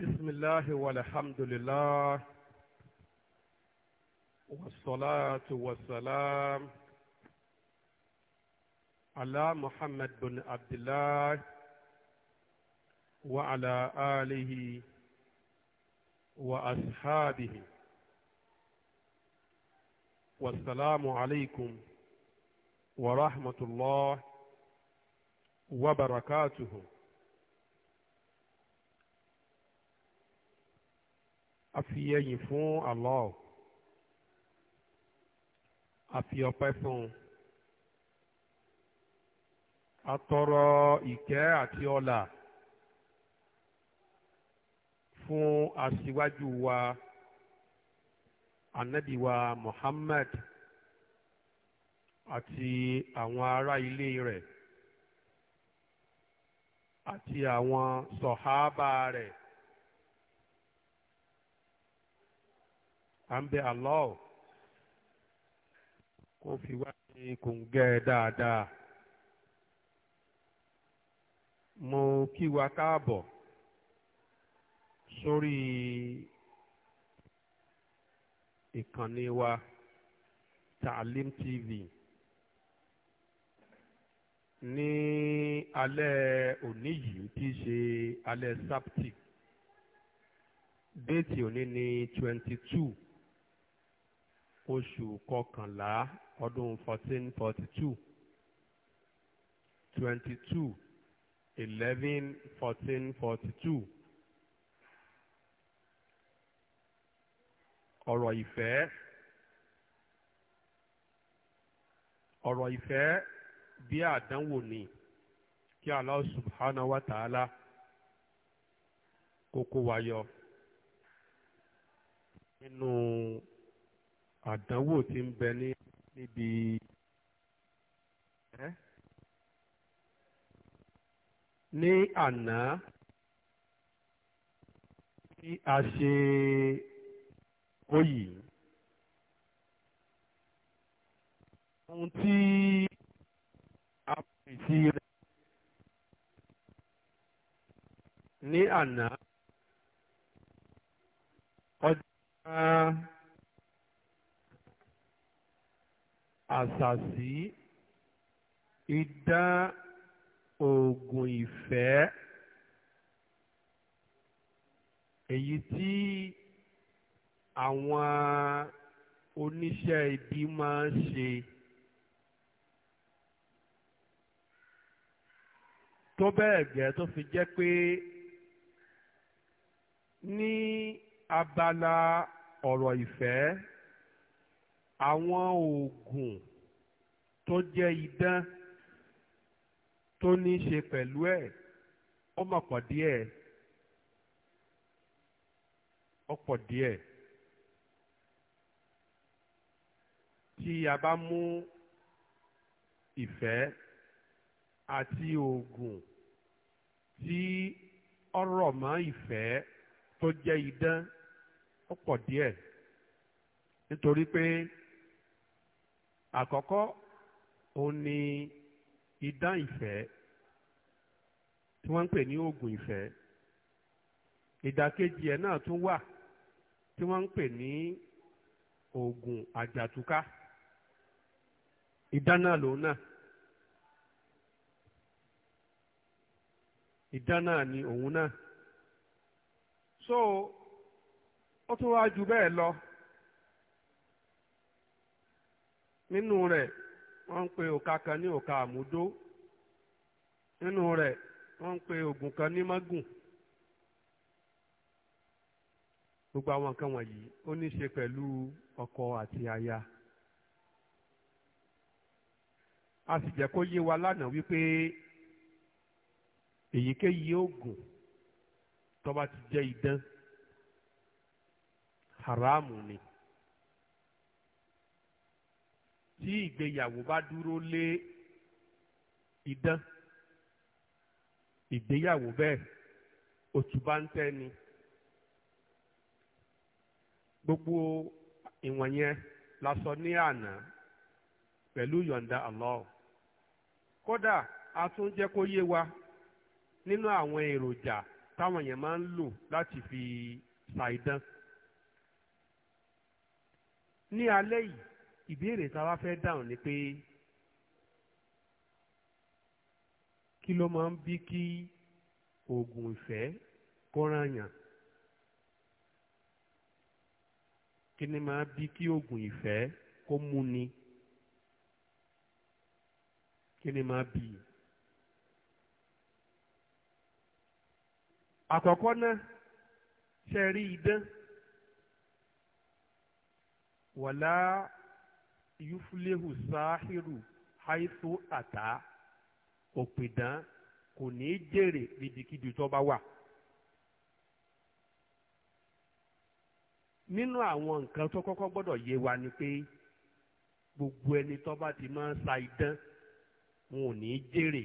بسم الله والحمد لله والصلاة والسلام على محمد بن عبد الله وعلى آله وأصحابه والسلام عليكم ورحمة الله وبركاته a fi ẹyìn fún Allah a fi ọpẹ́ fún un a àti ọlà fún aṣíwájú wa ànábì wa Muhammad àti àwọn ará ilé rẹ̀ àti àwọn sọ̀hábà rẹ̀. à ń bẹ Allah kó fi wá ní kòǹgẹ́ dáadáa mo kí wa káàbọ̀ sórí ìkànnì wa Ta'alim TV ní alẹ́ òní yìí tí í ṣe alẹ́ sábtì déètì òní ní twenty two oṣù kọkànlá ọdún fourteen forty two twenty two eleven fourteen forty two ọ̀rọ̀ ìfẹ́ ọ̀rọ̀ ìfẹ́ bí àdánwò ni kí Allah subhanahu wa ta'ala kókó wáyọ nínú. No àdánwò tí ń bẹ ní níbi ẹ́ ní àná tí a ṣe oyì ohun tí a pèsè rẹ̀ ní àná ọjọ́ àṣàṣì idán oògùn ìfẹ́ èyí tí àwọn oníṣẹ́ ibi máa ń ṣe tó bẹ́ẹ̀ gẹ́ tó fi jẹ́ pé ní abala ọ̀rọ̀ ìfẹ́ àwọn oògùn tó jẹ́ idán tó ní í ṣe pẹ̀lú ẹ̀ ó mọ̀ pọ̀ díẹ̀ ó pọ̀ díẹ̀ tí a bá mú ìfẹ́ àti oògùn tí ọ̀rọ̀ mọ́ ìfẹ́ tó jẹ́ idán ó pọ̀ díẹ̀ nítorí pé. àkọ́kọ́ òun ni idán ìfẹ́ tí wọ́n ń pè ní oògùn ìfẹ́ ìdàkejì ẹ̀ náà tún wà tí wọ́n ń pè ní oògùn àjàtúká ni òun náà so ó tún wá ju bẹ́ẹ̀ lọ. nínú rẹ̀ wọ́n ń pe òka kan ní òka àmúdó nínú rẹ̀ wọ́n ń pe ògùn kan ní mágùn gbogbo àwọn nǹkan wọ̀nyí ó ní í ṣe pẹ̀lú ọkọ àti aya a sì jẹ́ kó yé wa lánàá wípé èyíkéyìí oògùn tó ti jẹ́ idán haramu ni. tí ìgbéyàwó bá dúró lé idán ìgbéyàwó bẹ́ẹ̀ òtúbá ń tẹ́ ni gbogbo ìwọ̀n yẹn ni ana ní àná pẹ̀lú yọ̀ǹda Allah kódà a tún jẹ́ kó yé wa nínú àwọn èròjà táwọn yẹn máa ń lò láti fi ṣàìdán ní alẹ́ yìí ìbéèrè tá a wá fẹ́ dáhùn ni pé kí ló máa ń bí kí oògùn ìfẹ́ kóranyàn kí ni máa bí kí oògùn ìfẹ́ kó múni kí ni máa bí i. àkọ́kọ́ náà ṣe rí idán wàlá yúfúléhù sáhírù haithu àtá òpìdán kò ní í jèrè níbikíbi tó bá wà. nínú àwọn nǹkan tó kọ́kọ́ gbọ́dọ̀ yé wa ni pé gbogbo ẹni tó bá ti máa ń sa idán wọn ò ní í jèrè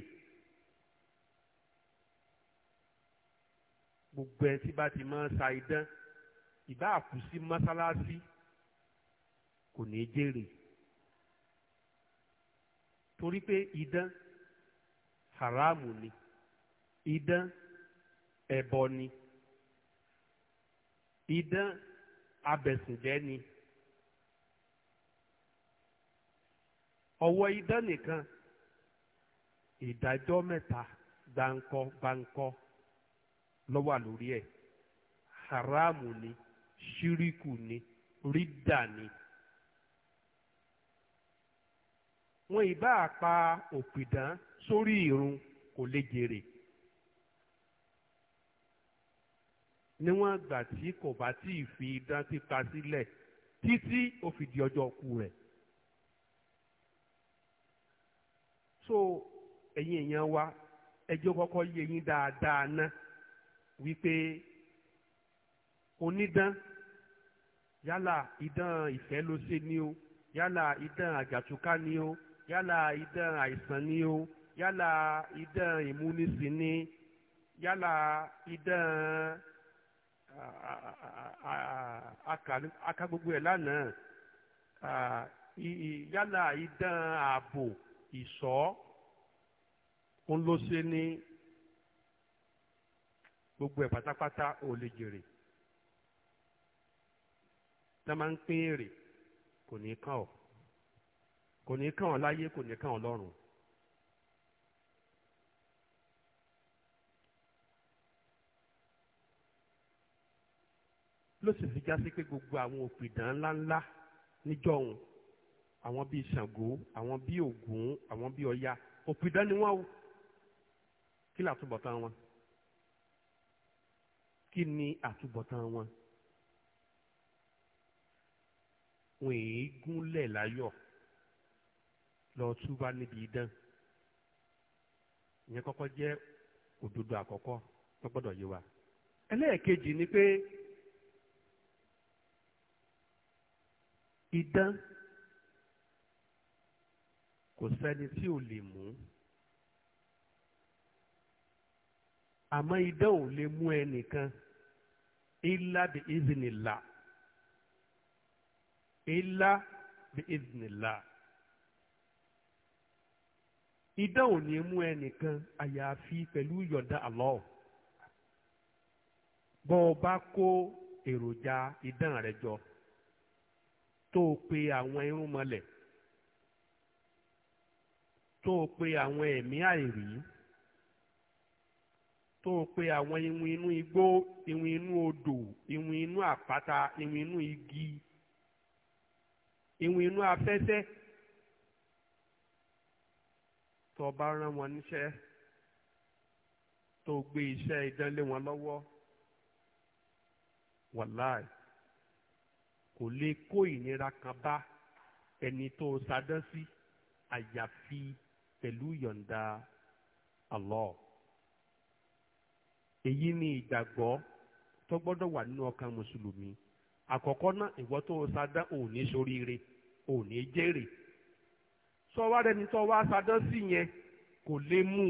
gbogbo ẹni tí bá ti máa ń sa idán ìbá àkùsí mọ́sálásí kò ní í jèrè torí pé idán haramu ni idán ẹbọ ni idán abẹ̀sìnjẹ́ ni ọwọ́ idán nìkan ìdájọ́ mẹ́ta gbáǹkọ́ gbáǹkọ́ ló wà lórí ẹ̀ haramu ni ṣíríkù ni rídà ni. wọn ìbá àpa òpìdán sórí ìrun kò lè jèrè níwọ̀n àgbà tí kò bá tí ì fi idán pípa sílẹ̀ títí ó fi di ọjọ́ ku rẹ̀. so ẹ̀yin èèyàn wa ẹjọ́ kọ́kọ́ yé yín dáadáa ná wípé onídán yálà idán ìfẹ́ ló ṣe ni o yálà idán àjàtúká ni o yálà idán àìsàn ni o yálà idán ìmúnisìn ni yálà idán aka gbogbo ẹ̀ lánàá yálà idán ààbò ìṣọ́ ń ló ṣe ní gbogbo ẹ̀ pátápátá ò lè jèrè tá máa ń pín èrè kò ní kàn ọ́ kò ní kàn ọ́ láyé kò ní kàn ọ́ lọ́run. ló sì fi já sí pé gbogbo àwọn òpìdán ńláńlá níjọ́hun àwọn bíi Ṣàngó àwọn bíi Ògún àwọn bíi Ọya òpìdán ni wọ́n kí ni àtúbọ̀tán wọn kí ni àtúbọ̀tán wọn wọn èé gúnlẹ̀ láyọ̀ lọ túbá níbi idán ìyẹn kọ́kọ́ jẹ́ òdodo àkọ́kọ́ tó gbọ́dọ̀ yé wa ẹlẹ́ẹ̀kejì ni pé idán kò sẹ́ni tí ò lè mú àmọ́ idán ò lè mú ẹnìkan ilá bí iznillah ilá bí iznillah. idán ò ní mú ẹnìkan àyàfi pẹ̀lú yọ̀ǹda Allah bọ́ ọ bá kó èròjà idán rẹ jọ tó pe àwọn iru tó o pe àwọn ẹ̀mí àìrí tó o pe àwọn iwin inú igbó iwin inú odò iwin inú àpáta inú igi iwin inú afẹ́fẹ́. tó bá rán wọn níṣẹ́ tó gbé iṣẹ́ idán wọn lọ́wọ́ wàláì kò lè kó ìnira kan bá ẹni tó sadán sí àyàfi pẹ̀lú yọ̀ǹda Allah èyí ni ìgbàgbọ́ tó gbọ́dọ̀ wà nínú ọkàn mùsùlùmí àkọ́kọ́ náà ìwọ tó sadán ò ní tọ́wá rẹni tọ́wá sadán sí yẹn kò lè mú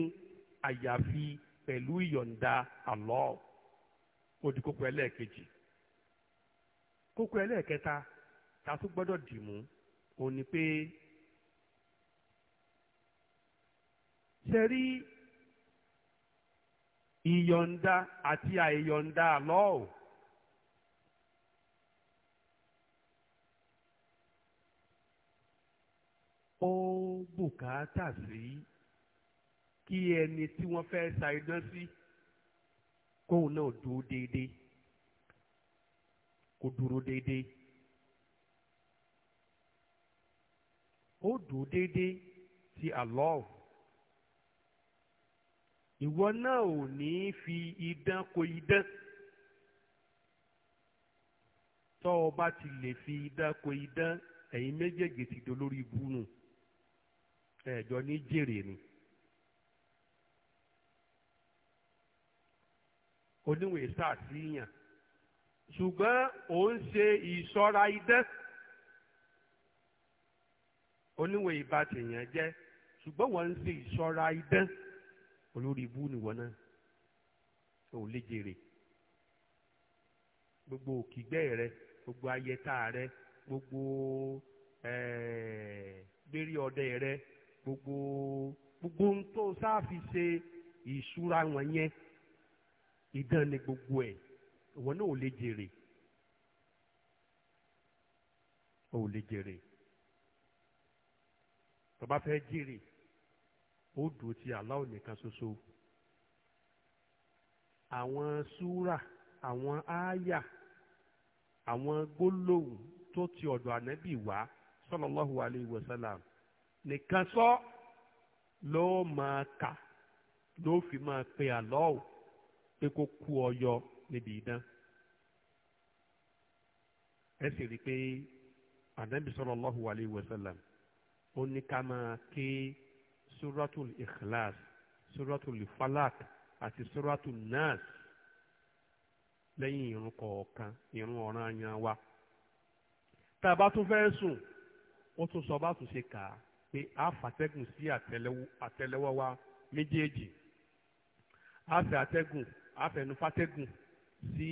àyàfi pẹ̀lú ìyọ̀ǹda Allah ó di kókó ẹlẹ́ẹ̀kejì kókó ẹlẹ́ẹ̀kẹta ta tún gbọ́dọ̀ dì mú òun ni pé ṣe ìyọ̀ǹda àti àìyọ̀ǹda Allah ó bùkátà sí kí ẹni tí wọ́n fẹ́ sa iná sí kóun náà dúró déédéé kó dúró déédéé ó dúró déédéé ti Allah ìwọ náà ò ní fi idán kò idán tọ́ ọ bá ti lè fi idán kò idán ẹ̀yin méjèèjì ti dolórí ibú ẹjọ ní jèrè ni. oníwèé sàtìyàn ṣùgbọ́n ò ń ṣe ìṣọ́ra idán oníwèé ìbá tìyàn jẹ́ ṣùgbọ́n wọ́n ń ṣe ìṣọ́ra idán olórí ibú nìwọ náà ò lè jèrè gbogbo òkìgbẹ́ rẹ gbogbo ayẹta rẹ gbogbo ẹ̀ẹ́d ọdẹ rẹ gbogbo gbogbo ń tó sáfi ṣe ìṣúra wọn yẹn ìdán ni gbogbo ẹ̀ ìwọ náà ò lè jèrè ò lè jèrè tó bá fẹ́ jèrè ó dùn ti Allah nìkan ṣoṣo àwọn súrà àwọn ááyà àwọn gbólóhùn tó ti ọ̀dọ̀ ànábì wá sallallahu alayhi wa sallam nìkan sọ ló máa kà ló fi máa pe àlọ́ ò pé kó kú ọyọ níbi idán ẹ sì rí i pé anabi sallallahu alayhi wa sallam ó ní ká máa ké suratul ikhlas suratul falak àti suratul nas lẹ́yìn irun kọ̀ọ̀kan irun ọ̀ranyàn wa tá a bá tún fẹ́ sùn ó tún sọ bá tún ṣe kà á pé a fàtẹ́gùn sí àtẹ́lẹwọ́ wa méjèèjì a fẹ́ àtẹ́gùn a fẹ́nu fàtẹ́gùn sí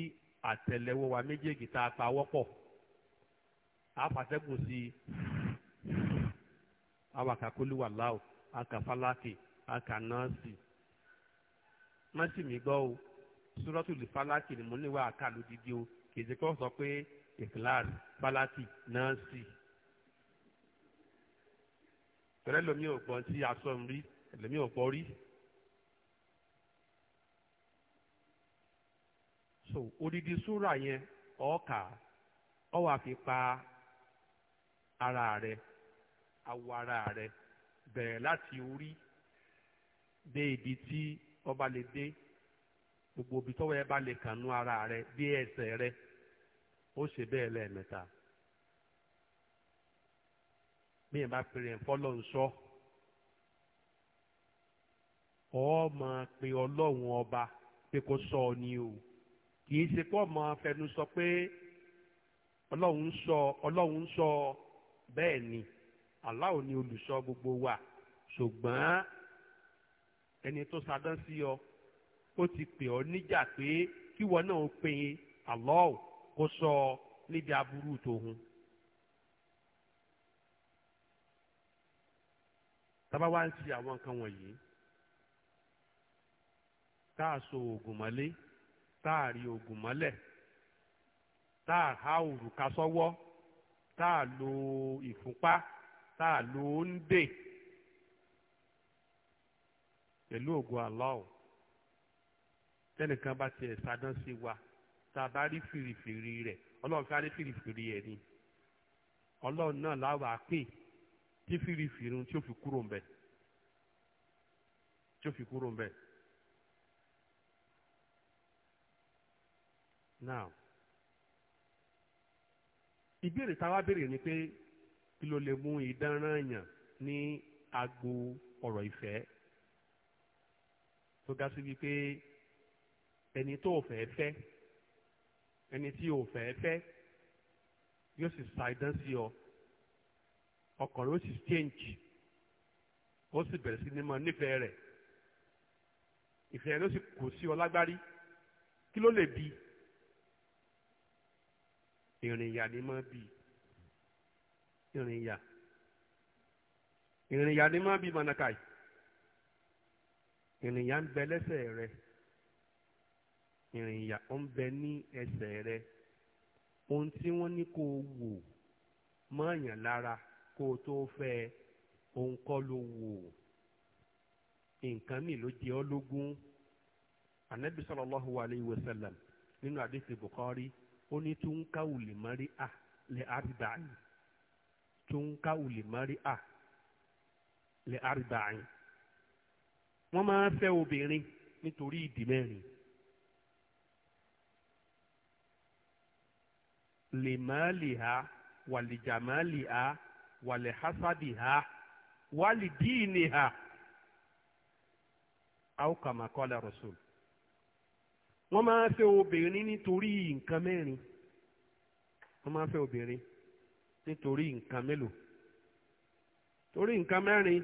àtẹ́lẹwọ́ wa méjèèjì tá a pa wọ́pọ̀ a fàtẹ́gùn sí awàkàkólúwàláò akàfálákì akànáàsì má sì mí gbọ́ o sùrọ́tù lè fálákì ni mo níwà àkàlù dídí o kì í ṣe kí wọ́n sọ pé ìkìláàsì fálákì náà sì tẹ́lẹ̀ lomi ò gbọ́n tí aṣọ ń rí lomi ò gbọ́ rí. so odidi súrà yẹn ọ̀ọ́kà ọ̀ wà fi pa ara rẹ̀ awọ ara rẹ̀ bẹ̀rẹ̀ láti orí dé ibi tí ọba lè dé gbogbo ibi tọ́wọ́ ẹ bá lè kànú ara rẹ̀ dé ẹsẹ̀ rẹ̀ ó ṣe bẹ́ẹ̀ lẹ́ẹ̀mẹ́ta bí ẹ bá pèrè fọlọ́n sọ ọ máa pe ọlọ́run ọba pé kó sọ ọ ni o kì í ṣe pé ọmọ afẹnu sọ pé ọlọ́run sọ ọlọ́run sọ bẹ́ẹ̀ ni aláwo ni olùsọ gbogbo wa ṣùgbọ́n ẹni tó sadán sí ọ ó ti pè ọ níjà pé kíwọ náà pe aláwo kó sọ níbi aburú tòun. tábà wá ń ṣe àwọn nǹkan wọ̀nyí tá a so oògùn mọ́lé tá a rí oògùn mọ́lẹ̀ tá a há òrùka sọ́wọ́ tá a lo ìfúnpá tá a lo òǹdè pẹ̀lú ògùn aláwọ̀ tẹnìkan bá tiẹ̀ sadán sí wa tá a bá rí fìrìfìrì rẹ̀ ọlọ́run fẹ́ rí fìrìfìrì ẹ̀ ni ọlọ́run náà láwàá pè é tí fìrìfìrì tí ó fi kúrò ń bẹ tí ó fi kúrò ń bẹ. now ìbéèrè táwa béèrè ni pé kí ló lè mú ìdánràn yàn ní agbo ọ̀rọ̀ ìfẹ́ tó ga sí wípé ẹni tó fẹ́ fẹ́ ẹni tí ò fẹ́ fẹ́ yóò sì sa idán sí ọ ọkàn rẹ̀ ó sì change ó sì bẹ̀rẹ̀ sí ní mọ nífẹ̀ẹ́ rẹ̀ ìfẹ́ rẹ̀ ó sì kò sí ọ lágbárí kí ló lè bí ìrìn ìyà ni máa bi, ìrìn ìyà ìrìn ìyà ni máa bi manakai ìrìn ìyà ń bẹ lẹ́sẹ̀ rẹ̀ ìrìn ìyà ó ń bẹ ní ẹsẹ̀ rẹ̀ ohun tí wọ́n ní kó wò mọ́ àyàn lára kó o tó fẹ́ òun kọ́ ló wò nǹkan mi ló jẹ ọ́ lógún anabi sallallahu alayhi wa sallam nínú àdéhùn Bukhari ó ní tó ká wùlì mọ́rí à lè àríbàáyì tó ká wùlì mọ́rí à lè àríbàáyì wọ́n máa ń obìnrin nítorí ìdí mẹ́rin. lèmọ́lìhà wàlìjàmọ́lìhà wàlẹ̀ hasadi ha wàlì díìnì ha aw kama qala rasul. wọ́n máa ń fẹ́ obìnrin nítorí nǹkan mẹ́rin wọ́n máa fẹ́ obìnrin nítorí nǹkan mélòó torí nǹkan mẹ́rin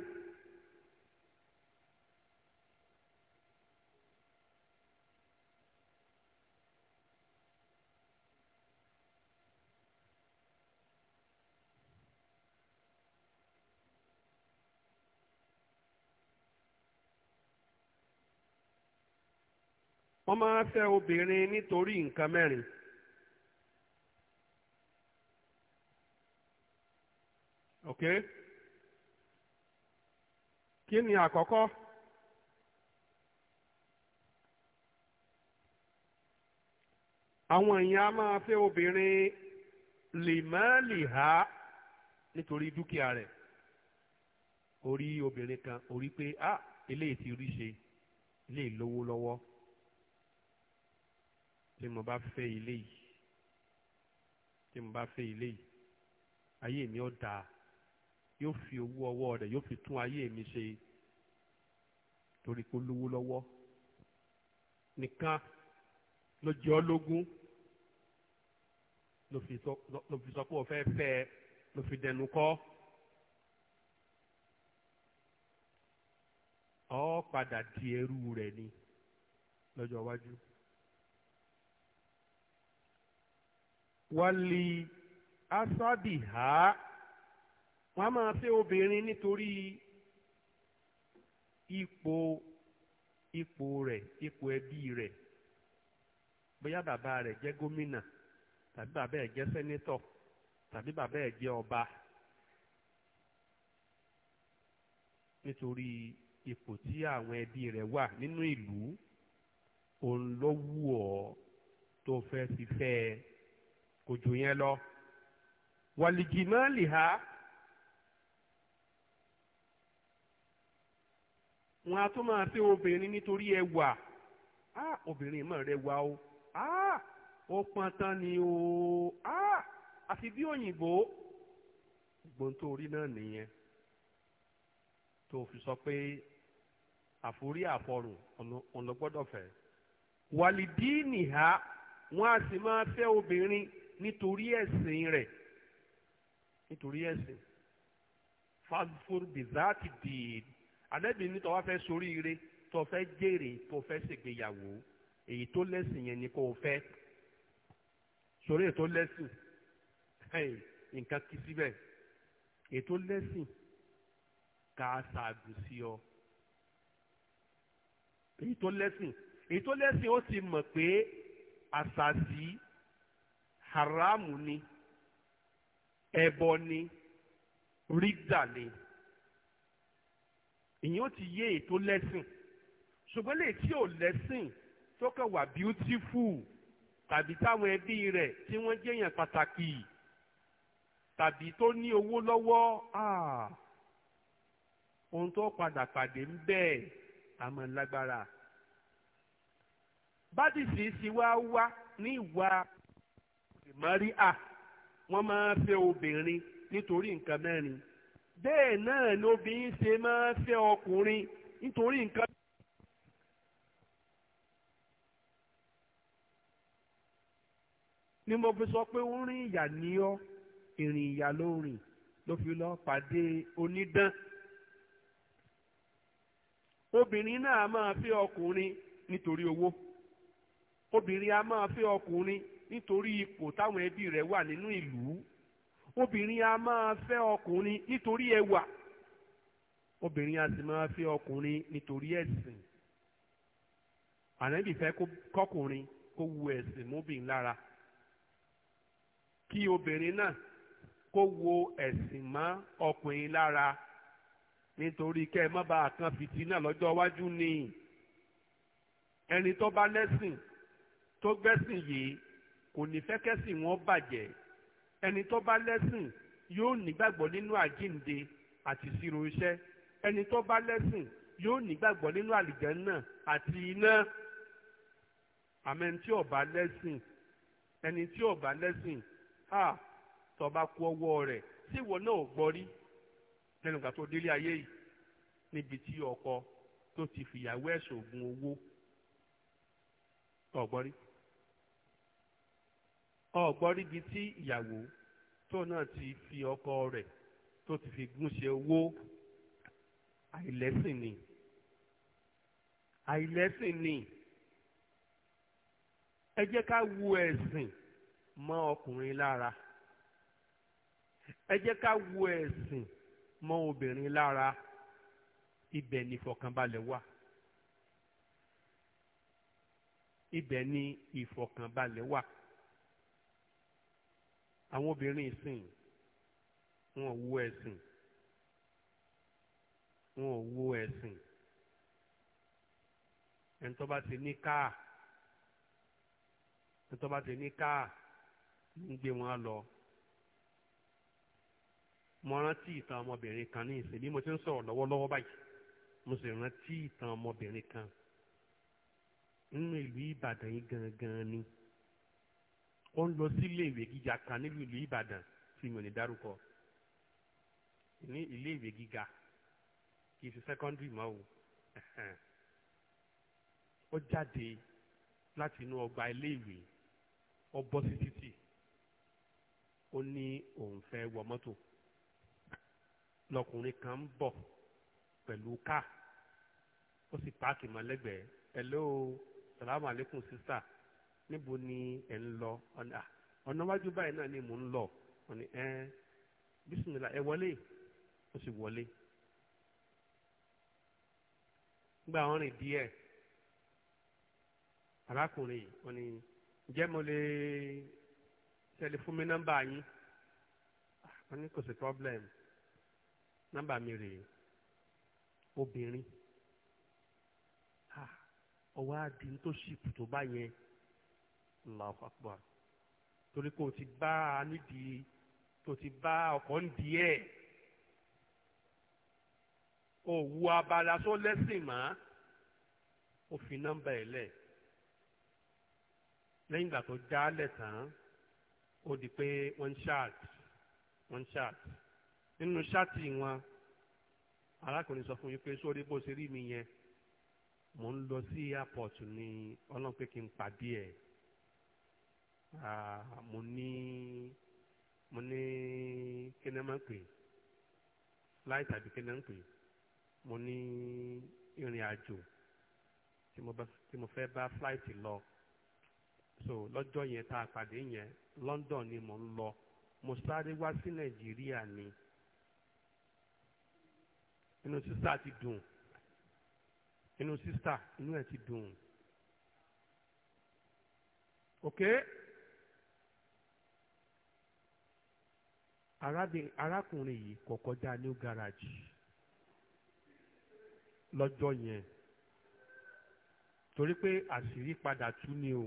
wọ́n máa ń fẹ́ obìnrin nítorí nǹkan mẹ́rin. ok kí ni àkọ́kọ́ àwọn èèyàn á máa fẹ́ obìnrin lèmọ́lìhá nítorí dúkìá rẹ̀ orí obìnrin kan orí pé ah eléyìí ti rí ṣe eléyìí lówó lọ́wọ́. tí mo bá fẹ́ ilé yìí tí mo bá fẹ́ ilé yìí ayé mi ó dáa yóò fi owó ọwọ́ rẹ̀ yóò fi tún ayé mi ṣe torí kó lówó lọ́wọ́ nìkan ló jẹ́ ló fi sọ pé ó fẹ́ fẹ́ ló fi dẹnu kọ́ ọ padà di ẹrú rẹ̀ ni lọ́jọ́ iwájú. Wali asadi ha wọ́n á máa fẹ́ obìnrin nítorí ipò ipò rẹ ipò ẹbí rẹ bóyá bàbá rẹ̀ jẹ́ gómìnà tàbí bàbá ẹ̀ jẹ́ tàbí bàbá ẹ̀ ọba nítorí ipò tí àwọn ẹbí rẹ̀ wà nínú ìlú òun ló wù tó fẹ́ ẹ. kò jù yẹn lọ wàlìjìmọ́lì ha wọn a tún máa fẹ́ obìnrin nítorí Ah! á obìnrin mọ̀ rẹwà o á ó pọn tán ni o á àfi bí òyìnbó gbóntórí náà nìyẹn tó fi sọ pé àforí àfọrùn ọ̀nà gbọ́dọ̀ fẹ́ wàlìdí nìha wọn a sì máa fẹ́ obìnrin nítorí ẹ̀sìn rẹ̀ nítorí ẹ̀sìn fásitì bizati dìín ànábì ní tó wá fẹ́ soríire tó fẹ́ jèrè tó fẹ́ ṣègbéyàwó èyí tó lẹ́sìn yẹn ni kò fẹ́ sórí èyí tó lẹ́sìn nǹkan kí síbẹ̀ èyí tó lẹ́sìn ká ṣàgùn sí ọ èyí tó lẹ́sìn èyí tó lẹ́sìn ó ti mọ̀ pé àṣàṣì haramu ni ẹbọ ni rídà ni ìyẹn ó ti yé ètò lẹ́sìn ṣùgbọ́n lè tí ò lẹ́sìn tó kàn wà beautiful tàbí táwọn ẹbí rẹ̀ tí wọ́n jẹ́yàn pàtàkì tàbí tó ní owó lọ́wọ́ ah! ohun tó padà pàdé ń bẹ́ẹ̀ àmọ́ lágbára. bádìsí sì wá wá ní ìwà mariya wọ́n máa fẹ́ obìnrin nítorí nǹkan mẹ́rin bẹ́ẹ̀ náà lóbìnrin ṣe máa fẹ́ ọkùnrin nítorí nǹkan. ni mo fi sọ pé ó rìn ìyà ní ọ ìrìn ìyà ló rìn ló fi lọ pàdé onídán obìnrin náà máa fẹ́ ọkùnrin nítorí owó obìnrin a máa fẹ́ ọkùnrin nítorí ipò táwọn ẹbí rẹ̀ wà nínú ìlú obìnrin a máa fẹ́ ọkùnrin nítorí ẹwà obìnrin a sì máa fẹ́ ọkùnrin nítorí ẹ̀sìn ànábì fẹ́ kọkùnrin kó wu ẹ̀sìn móbìn lára kí obìnrin náà kó wo ẹ̀sìn mọ́ ọkùnrin lára nítorí kẹ́ má bàa kan fìtínà lọ́jọ́ iwájú ni ẹni tó bá lẹ́sìn tó gbẹ́sìn yìí kò ní fẹ́ kẹ́sìn wọn bàjẹ́ ẹni tó bá lẹ́sìn yóò nígbàgbọ́ nínú àjínde àti ìṣirò iṣẹ́ ẹni tó bá lẹ́sìn yóò nígbàgbọ́ nínú àlìjẹ́nà àti iná àmẹ́ni tí lẹ́sìn ẹni tí ò lẹ́sìn ha tó bá kú ọwọ́ rẹ̀ tí ìwọ náà ò gbọ́ rí lẹ́nu ìgbà tó délé ayé yìí níbi tí ọkọ tó ti fìyàwó ẹ̀ ṣògùn owó ọ̀gbọ́n rí ọ̀gbọ́n ibi tí ìyàwó tó náà ti fi ọkọ rẹ̀ tó ti fi gúnṣe owó àìlẹ́sìn ni àìlẹ́sìn ni ẹ jẹ́ ká wu ẹ̀sìn mọ́ ọkùnrin lára ẹ jẹ́ ká wu ẹ̀sìn mọ́ obìnrin lára ibẹ̀ ni ìfọ̀kànbalẹ̀ wà ibẹ̀ ni ìfọ̀kànbalẹ̀ wà àwọn obìnrin ìsìn wọn ò wo ẹ̀sìn wọn ò wo ẹ̀sìn ẹni tó bá ti ní káà ẹni tó bá ti ní káà ń gbé wọn lọ mo rántí ìtàn ọmọbìnrin kan ní ìsìn bí mo ti ń sọ̀rọ̀ lọ́wọ́lọ́wọ́ báyìí mo sì rántí ìtàn ọmọbìnrin kan nínú ìlú Ìbàdàn yìí gangan ni ó ń lọ sílé ìwé gíga kan nílùú ìlú Ìbàdàn tí mi ò ní dárúkọ ní ilé ìwé gíga kì í ṣe secondary mọ́ o ó jáde láti inú ọgbà ilé ìwé ó bọ́ sí títì ó ní òun fẹ́ wọ mọ́tò lọkùnrin kan ń bọ̀ pẹ̀lú káà ó sì páàkì mọ́ lẹ́gbẹ̀ẹ́ hello salamu alaikum sista níbo ni ẹ ń lọ ọ̀nà wájú báyìí náà ni mò ń lọ wọ́n ní ẹ bísímìlà ẹ wọlé ó sì wọlé gba àwọn rìn díẹ̀ arákùnrin yìí wọ́n ní ǹjẹ́ mo lè tẹ̀lé nọ́mbà yín wọ́n ní kò sí problem nọ́mbà mi rèé obìnrin ọwọ́ àdín tó ṣìpù tó bá yẹn. Allahu Akbar torí pé o ti bá a nídìí o ti bá ọkọ̀ nídìí ẹ̀ o wu abala tó lẹ́sìn mọ́ o fi nọ́mbà ẹ̀ lẹ̀ lẹ́yìn ìgbà tó já lẹ̀ tán ó di pé wọ́n ń wọ́n ń nínú ṣáàtì wọn arákùnrin sọ fún yín pé sórí bó ṣe rí mi yẹn mò ń lọ sí airport ní ọlọ́pẹ́ kí n pàdé ẹ̀ mo ní mo ní kíni máa ń pè láì tàbí kíni ń pè mo ní ìrìn àjò tí mo tí mo fẹ́ bá flight lọ so lọ́jọ́ yẹn tá a pàdé yẹn London ni mo ń lọ mo sáré wá sí Nàìjíríà ni inú sísá ti dùn inú sísá inú ẹ̀ ti dùn ok. arákùnrin yìí kò kọjá new garage lọ́jọ́ yẹn torí pé àṣírí padà tú ni o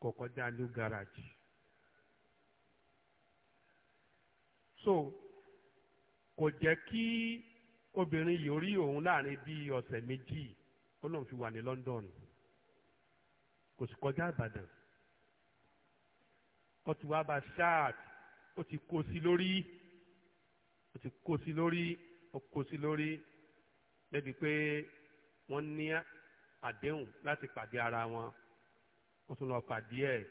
kò kọjá new garage so kò jẹ́ kí obìnrin yìí rí òun láàrin bíi ọ̀sẹ̀ méjì ó lóun fi wà ní London kò sì kọjá Ìbàdàn ó ti bá ṣáàtì ó ti kó sí lórí ó ti kó sí lórí ó kó sí lórí débi pé wọ́n ní àdéhùn láti pàdé ara wọn wọ́n tún lọ pàdé ẹ̀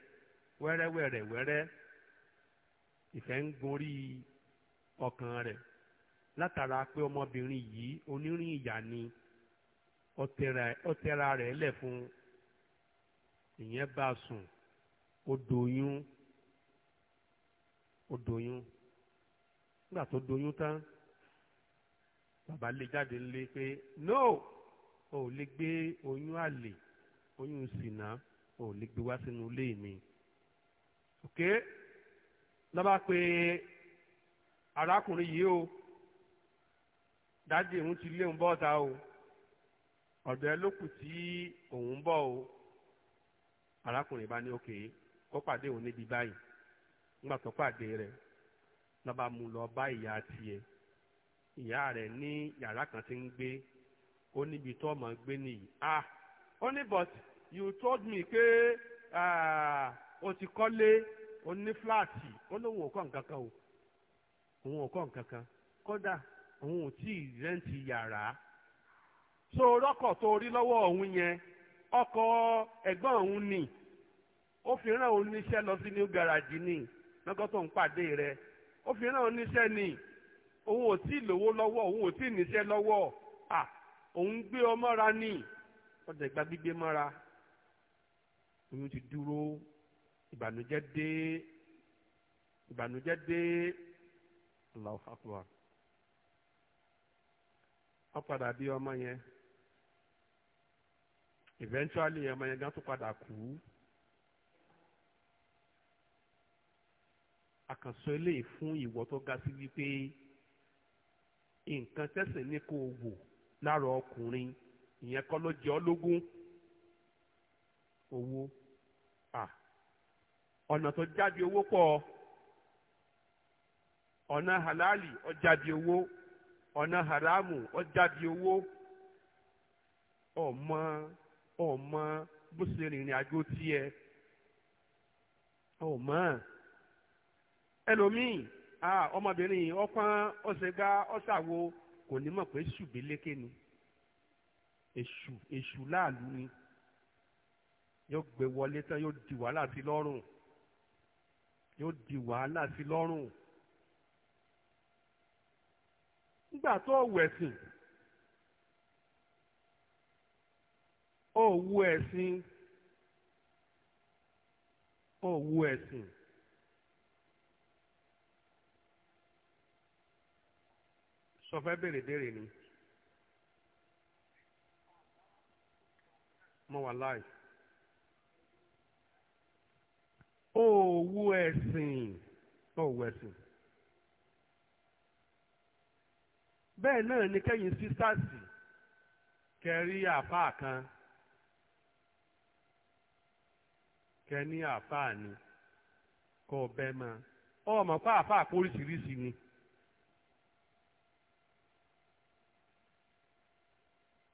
wẹ́rẹ́wẹ́rẹ́ wẹ́rẹ́ ìfẹ́ ń gorí ọkàn rẹ̀ látara pé ọmọbìnrin yìí onírìn ìyà ni ó tẹra rẹ̀ lẹ̀ fún un ìyẹn bá sùn ó doyún ó doyún nígbà tó doyún tán bàbá lè jáde nílé pé no O lè gbé oyún àlè oyún sìnà ò lè gbé wá sínú ilé mi ok lọ́ba pé arákùnrin yìí o dáàdi òun ti lé òun bọ́ ta o ọ̀dọ̀ ẹ ló kù tí òun bọ̀ o arákùnrin bá ní òkè kó pàdé òun níbi báyìí nígbà tó pàdé rẹ̀ ló bá mú lọ bá ìyá tiẹ̀ ìyá rẹ̀ ní yàrá kan ti ń gbé ó níbi tó máa gbé nìyí ah ó ní but you told me pé o ti kọ́lé ó ní fúláàtì ó lóun ò kọ́ nǹkan kan o òun ò kọ́ nǹkan kan kódà òun ò tí ì rẹ́ǹtì yàrá so rọ́kọ̀ tó rí lọ́wọ́ òun yẹn ọkọ̀ ẹ̀gbọ́n òun ni ó fi rán òun níṣẹ́ lọ sí new garage ni lọ́gọ́ ń pàdé rẹ ó fi níṣẹ́ ni òun ò tí ì lówó lọ́wọ́ òun ò tí ì níṣẹ́ lọ́wọ́ à òun gbé ọ mọ́ra ni ọjà ìgbà gbígbé mọ́ra ti dúró ìbànújẹ́ dé ìbànújẹ́ dé àkànṣe eléyìí fún ìwọ tó ga sí wípé nǹkan tẹ̀sán ní kò wò lára ọkùnrin ìyẹn kọ́ ló jẹ́ owó ọ̀nà tó jáde owó pọ̀ ọ̀nà halali jáde owó ọ̀nà haramu jáde owó ẹlòmíì ọmọbìnrin yìí ọpọ́n ọ̀sẹ̀gá ọ̀sàwo kò ní mọ̀ pé ṣùgbélékè ni èṣù èṣù láàlú ni yóò gbé wọlé tán yóò di wàhálà sí lọ́rùn yóò di wàhálà sí lọ́rùn nígbà tó wẹ̀sìn òwú ẹ̀sìn òwú ẹ̀sìn sọ fẹ́ béèrè béèrè ni mo wà láì òwú ẹ̀sìn òwú ẹ̀sìn bẹ́ẹ̀ náà ni kẹ́yìn sísàsì kẹrí àfáà kan kẹ ní àfáà ni kọ bẹ́ẹ̀ máa ọmọ fáàfáà póríṣiríṣi ni.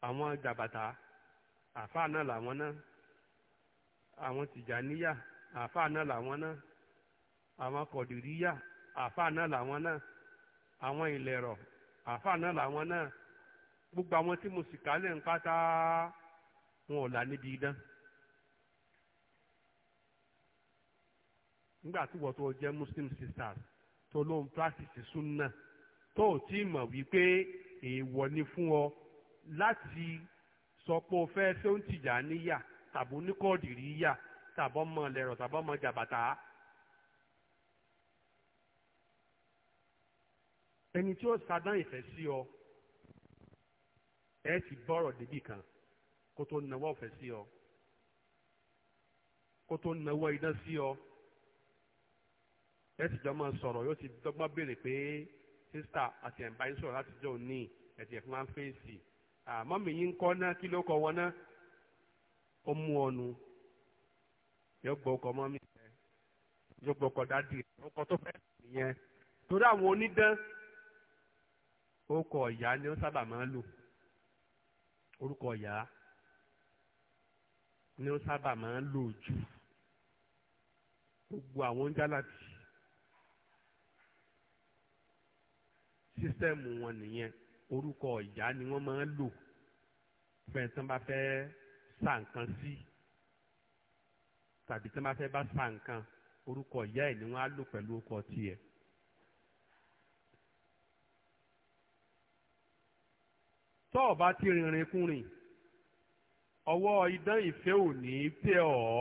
àwọn jàbàtà àfáà náà làwọn náà àwọn tìjàníyà àfáà náà làwọn náà àwọn kọ̀dìríyà àfáà náà làwọn náà àwọn ìlẹ̀rọ̀ àfáà náà làwọn náà gbogbo àwọn tí mo sì kálẹ̀ ń pátá wọn ò là níbi idán. nígbà tí wọ́n tó jẹ́ muslim sisters tó ló ń practice sunna tó ò tí ì mọ̀ wípé èèwọ̀ ni fún ọ láti sọ pé o fẹ́ ṣé ó ń tìjà níyà tàbí oníkọ́ọ̀dìrí yà tàbí ọmọ lẹ́rọ̀ tàbí ọmọ jàbàtà. ẹni tí ó sadán ìfẹ́ sí ọ ẹ ti bọ́rọ̀ débì kan kó tó nawọ́ ọ̀fẹ́ sí ọ kó tó nawọ́ idán sí ọ ẹ sì jọ máa sọ̀rọ̀ yóò ti dọ́gbọ́n béèrè pé sísítà àti ẹ̀ ń bá yín sọ̀rọ̀ láti jọ òní ẹ̀ ti ẹ̀ fún wa ń fèsì àmọ́ mi yín kọ́ ná kí ló kọ́ wọn ná ó mú ọnu yóò gbọ́ ọkọ̀ mọ́ mi rẹ̀ yóò gbọ́ ọkọ̀ dádì rẹ̀ ọkọ̀ tó fẹ́ nìyẹn torí àwọn ni wọ́n sábà máa ń lò orúkọ ni wọ́n sábà máa ń lò jù gbogbo àwọn jálàbì sísẹ́ẹ̀mù wọn nìyẹn orúkọ ìyá ni wọ́n máa ń lò fẹ́ẹ́ tí wọ́n bá fẹ́ sa nǹkan sí tàbí tí wọ́n bá fẹ́ bá sa nǹkan orúkọ ìyá ẹ̀ ni wọ́n á lò pẹ̀lú ọkọ tiẹ̀. tọ́ ọ bá ti rìnrìn kúrìn ọwọ́ idán ìfẹ́ ò ní tẹ ọ́.